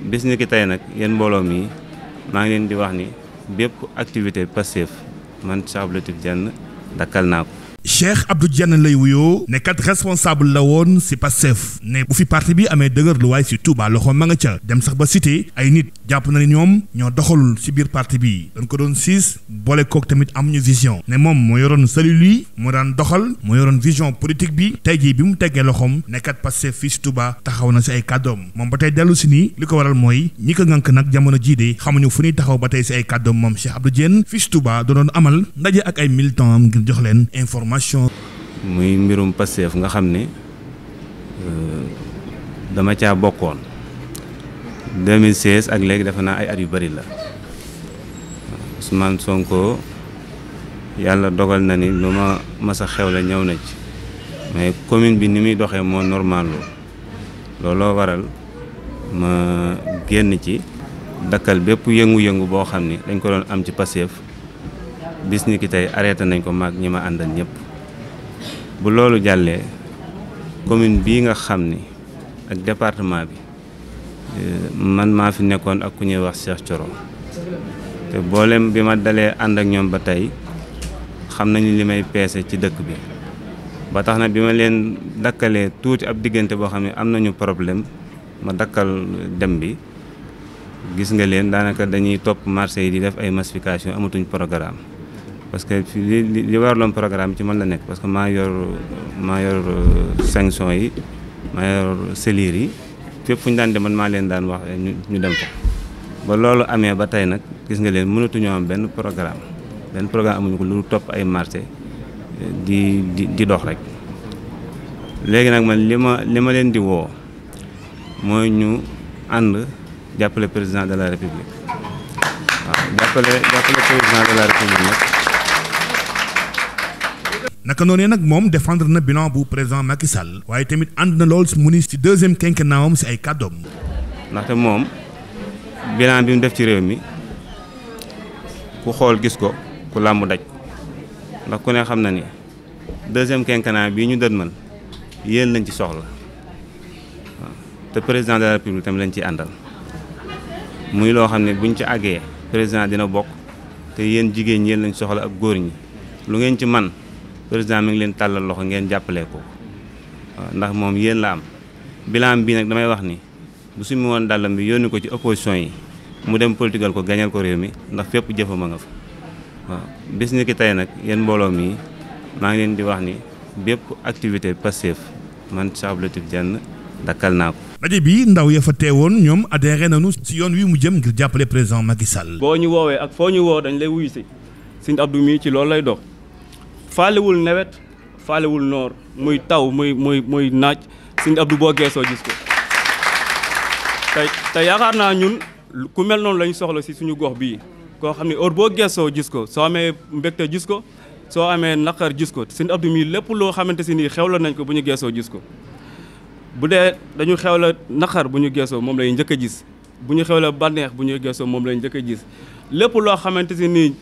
bis ni tey nag yéen mbooloo mi maa ngi leen di wax ni bépp activité Pastef man Cheikh Abdou Latif dakkal naa ko Cheikh Abdou Dieng lay wuyoo nekkat responsable la woon si Pastef ne bu fi parti bi amee dëgër lu waay si Touba loxo a nga ca dem sax ba cité ay nit jàpp na ne ñoom ñoo doxalul si biir parti bi dañ ko doon siis boole kook tamit amuñu vision ne moom moo yoroon cellule yi moo daan doxal moo yoroon vision politique bi tey jii bi mu teggee loxoom nekkat Pastef fii si Touba taxaw na si ay kàddoom moom ba tey dellu si nii li ko waral mooy ñi ko ngànk nag jamono jii de xamuñu fu ñuy taxaw ba tey si ay moom Cheikh Abdou fii si Touba doon amal ndaje ak ay militants ngir jox leen information élection. muy mbirum Pastef nga xam ni euh, dama caa bokkoon 2016 ak léegi defe naa ay at yu bari la Ousmane Sonko yàlla dogal na ni lu ma mas xew la ñëw na ci mais commune bi ni muy doxee moo normal looloo waral ma génn ci dakkal bépp yëngu-yëngu boo xam ni dañ ko doon am ci Pastef bis ni tey arrêté nañ ko mag ñi ma àndal ñëpp. bu loolu jàllee commune bii nga xam ni ak département bi euh, man maa fi nekkoon ak ku ñuy wax Cheikh coro te boolem bi ma dalee ànd ak ñoom ba tey xam nañu li may peese ci dëkk bi ba tax na bi ma leen dakkalee tuuti ab diggante boo xam ne am nañu problème ma dakkal dem bi gis nga leen daanaka dañuy topp marché yi di def ay massification amatuñ programme parce que li li waraloon programme bi ci man la nekk parce que maa yor maa yor euh, sanction yi maa yor yi fépp fu ñu daan dem man maa leen daan wax eh, ñu dem ko ba loolu amee ba tey nag gis nga leen mënatuñoo am benn programme benn programme amuñu ko lu topp ay marché eh, di di di dox rek léegi nag ma li ma li ma leen di woo mooy ñu ànd jàppale président de la république waaw jàppale jàppale président de la république nag. naka noonee nag moom defendre na bilan bu président Macky Sall waaye tamit ànd na lool mu ni ci deuxième quinquennat ci ay kàddoom. ndaxte moom bilan bi mu def ci réew mi ku xool gis ko ku làmb daj ndax ku ne xam na ni deuxième quinquennat bii ñu dënmal yéen lañ ci soxla te président de la république tamit lañ ci àndal muy loo xam ne buñ ci àggee président dina bokk te yéen jigéen ñi yéen lañ soxla ak góor ñi lu ngeen ci man président mi ngi leen tàllal loxo ngeen jàppalee ko ndax moom yéen la am bilan bii nag damay wax ni bu sumi woon dàllam bi yónni ko ci opposition yi mu dem politigal ko gañal ko réew mi ndax fépp jëfam a nga fa waaw bis ni ki tey nag yéen mbooloo mi maa ngi leen di wax ni bépp activité Pastef man Cheikh Abdou jenn Diène dakkal naa ko daje bi ndaw ya fa teewoon ñoom adhéré nañu si yoon wi mu jëm ngir jàppale président Macky Sall. boo ñu woowee ak foo ñu woo dañ lay wuyu si Sëñ Abdou mii ci loolu lay dox faalewul nawet faalewul noor muy taw muy muy muy naaj Sëñ Abdou boo geesoo gis ko te yaakaar naa ñun ku mel noonu lañu soxla si suñu gox bii koo xam ne heure boo geesoo gis ko soo amee mbégte gis ko soo amee naqar gis ko Sëñ Abdou mii lépp loo xamante si nii xewla nañ ko bu ñu geesoo gis ko bu dee dañu xewla naqar bu ñu geesoo moom lay njëkk a gis bu ñu xewla bànneex bu ñu geesoo moom lay njëkk a gis lépp loo xamante si nii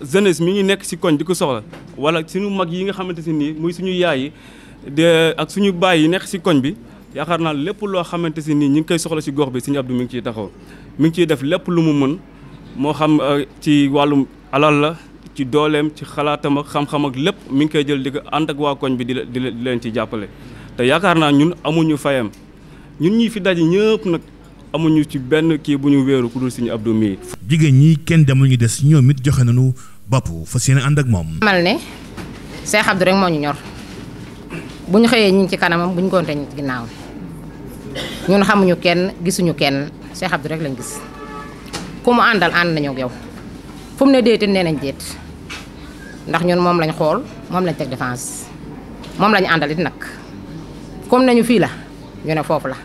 jeunesse mi ngi nekk si koñ di ko soxla wala suñu mag yi nga xamante si nii muy suñu yaay yi de ak suñu baay yi nekk si koñ bi yaakaar naa lépp loo xamante si nii ñi ngi koy soxla si gox bi suñu Abdou mu ngi ciy taxaw mi ngi ciy def lépp lu mu mën moo xam euh, ci wàllum alal la ci dooleem ci xalaatam ak xam-xam ak lépp mi ngi koy jël di ko ànd ak waa koñ bi di di leen ci jàppale te yaakaar naa ñun amuñu fayam ñun ñi fi daje ñëpp nag. amuñu ci benn kii bu ñu weeru ku dul suñu abdou mii jigéen ñi kenn demul ñu des ñoom it joxe nañu bopp fas yéene ànd ak moom. xamal ne Cheikh Abdou rek moo ñu ñor bu ñu ñu ci kanamam bu ñu ginnaaw ñun xamuñu kenn gisuñu kenn Cheikh Abdou rek lañ gis ku mu àndal ànd nañu ak yow fu ne déete nee nañ déet ndax ñun moom lañ xool moom lañ teg défense moom lañ àndal it nag comme nañu fii la ñu ne foofu la.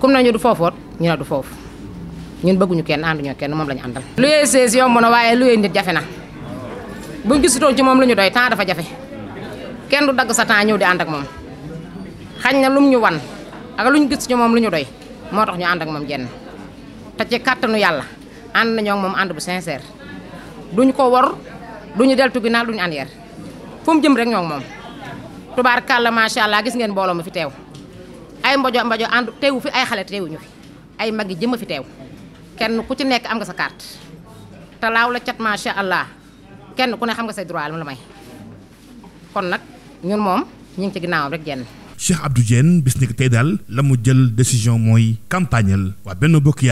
comme nañu du foofoot ñu ne du foofu ñun bëgguñu kenn ànduñoo kenn moom lañu ñu àndal. luyee sees yomb na waaye luyee nit jafe na buñ gisutoon ci moom lu ñu doy temps dafa jafe kenn du dagg sa ñëw di ànd ak moom xañ na lum ñu wan ak luñ gis ci moom lu ñu doy moo tax ñu ànd ak moom jenn te ci kàttanu yàlla ànd nañoo ak moom ànd bu sincère duñ ko wor duñu deltu ginnaaw duñu ànd yar fu mu jëm rek ñoo moom tubaar kàlla macha allah gis ngeen mbooloo ma fi teew. ay mbojo mbojo ànd teewu fi ay xale teewuñu fi ay mag yi jëmm fi teew kenn ku ci nekk am nga sa carte te laaw la cat macha allah kenn ku ne xam nga say droit la may kon nag ñun moom ñu ngi ci ginnaawam rek jenn Cheikh Abdou Diène bis ni tey daal la mu jël décision mooy campagnal waa benn bokk